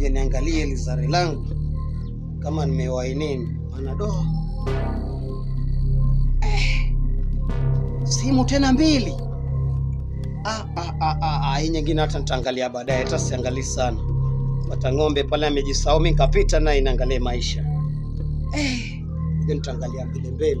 ngoja niangalie lizari langu kama nimewahi nini, Ana do eh, simu tena mbili. Ah, ah, ah, hii nyingine hata nitaangalia baadaye, hata siangalii sana. pata ng'ombe pale amejisahau, mimi nikapita naye inaangalia maisha eh, nitaangalia mbele mbele.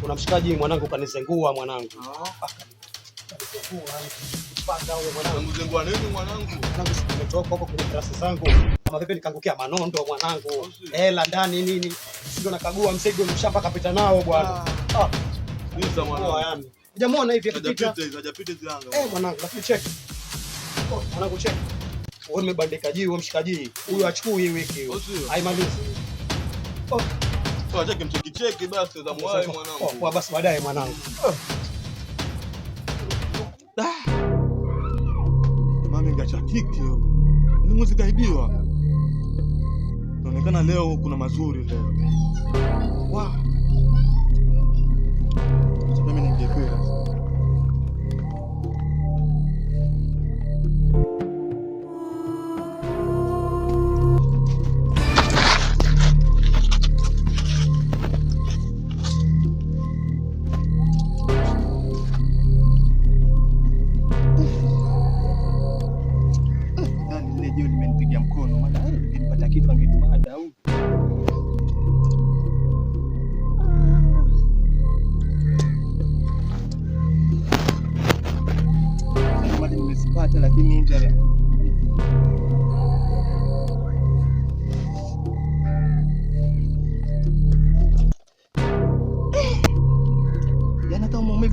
Kuna mshikaji mwanangu kanizengua mwanangu. Oh. darasa zangu kama vipi nikaangukia manondo mwanangu, hela ndani nini, ndio nakagua mshamba kapita nao bwana. Ah. Ah. Oh, Hujamwona hivi eh, mwanangu, lakini cheki. Oh, mwanangu cheki. mshikaji. Huyu achukui wiki. Haimalizi. Cheki basi Poa basi baadaye mwanangu. Ah. Mami ngachakiki. Ni muziki aibiwa. Inaonekana leo kuna mazuri leo. Wow.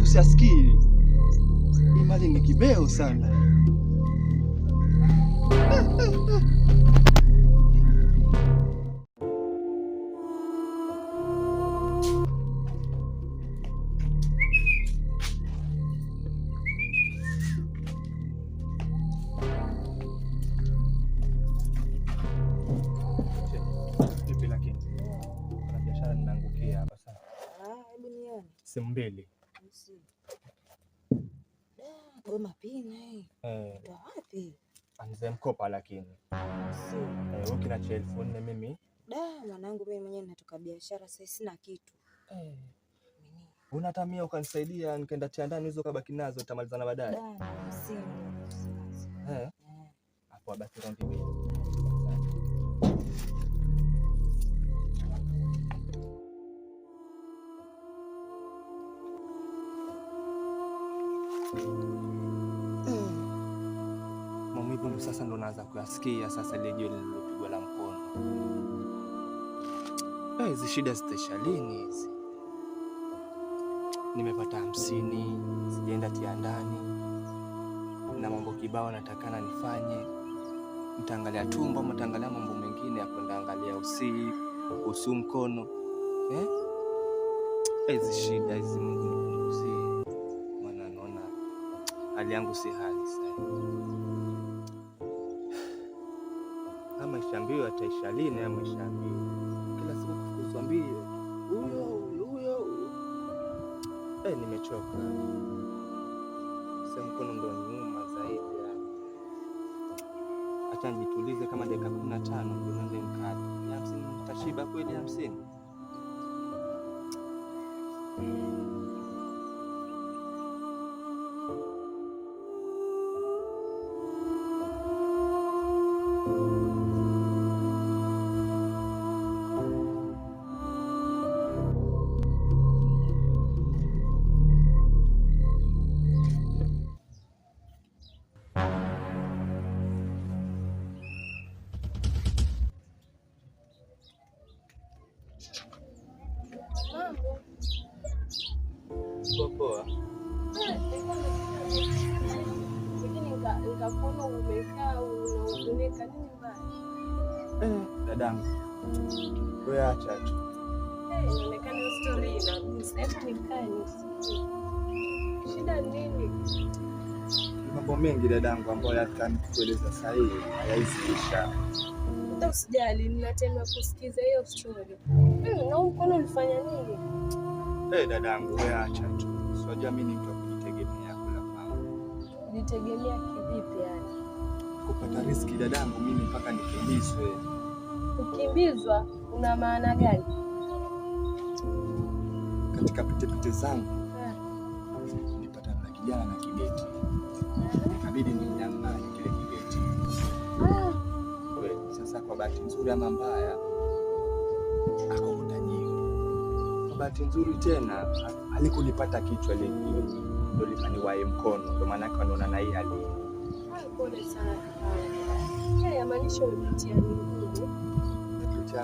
usiaskiri. Hii mali ni kibeo sana. Ah, Simu mbili Goma pini eh. wapi? Anze mkopa lakini ukinacha eh, elfu nne mimi da mwanangu, mimi mwenyewe natoka biashara sasa, sina kitu hey. Eh. Unatamia ukanisaidia nikaenda tia ndani hizo kabaki nazo utamalizana baadaye. Afu abaki rombi mbili unaanza kuyasikia sasa, ile jiwe lililopigwa la mkono. Eh, hizi shida zitaisha lini hizi? Nimepata hamsini, sijaenda tia ndani na mambo kibao natakana nifanye. Nitaangalia tumbo ama mambo mengine ya kwenda angalia usi usu mkono eh? hizi Shida hizi, Mungu nipunguzie, maana naona hali yangu si hali sasa. maisha mbio ataisha lini? Ya maisha mbio kila siku kufukuzwa mbio, huyo huyo. Eh, nimechoka semkono ndo nyuma zaidi. Acha nijitulize kama dakika kumi na tano ndio nianze mkadi. Hamsini tashiba kweli? Hamsini. nikakuona umekaa unaoneka nini baya. Eh, dadangu wewe acha acha, eh, inaonekana story inagusa, hebu nikae nisikie shida nini? Mambo mengi dadangu, ambayo hata nikueleza saa hii hayaisha. Hata usijali, nina kusikiza hiyo story. Hmm, na mkono ulifanya nini? Eh, dadangu wewe acha tu, sijui mimi ni Najitegemea kivipi yani? Kupata riski dadangu, mimi mpaka nikimbizwe? Kukimbizwa una maana gani? Katika pitepite zangu nipata na kijana na kibeti, ikabidi ninyang'anye kile kibeti. Sasa kwa bahati nzuri ama mbaya, akakuta Kwa bahati nzuri tena alikunipata kichwa leo. Dorifa ni wae mkono, ndio maana yake wanaona na hii hali. Pole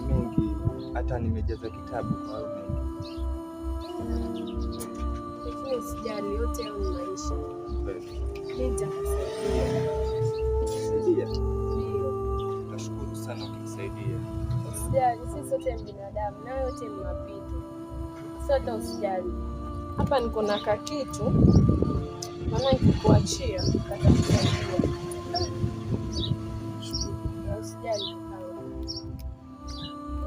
mengi, hata nimejaza kitabu kwa hiyo mengi. Nashukuru sana ukinisaidia. Usijali, sisi sote ni binadamu na yote mnapita. Sasa usijali. Hapa niko na kakitu maana nikikuachia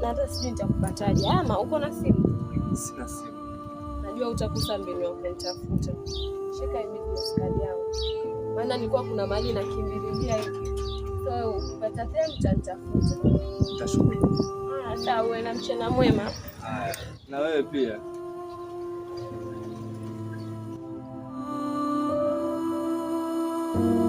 na hata sijui nitakupataje. Ama ah, uko na simu? Sina simu. Najua utakusa mbinu ya kunitafuta. Shika hii business card yangu, maana nilikuwa kuna mali na kimbililia hiki kupata tena, mtanitafuta. Utashukuru. Ah, sawa, uwe na mchana mwema. Na wewe pia. Oh.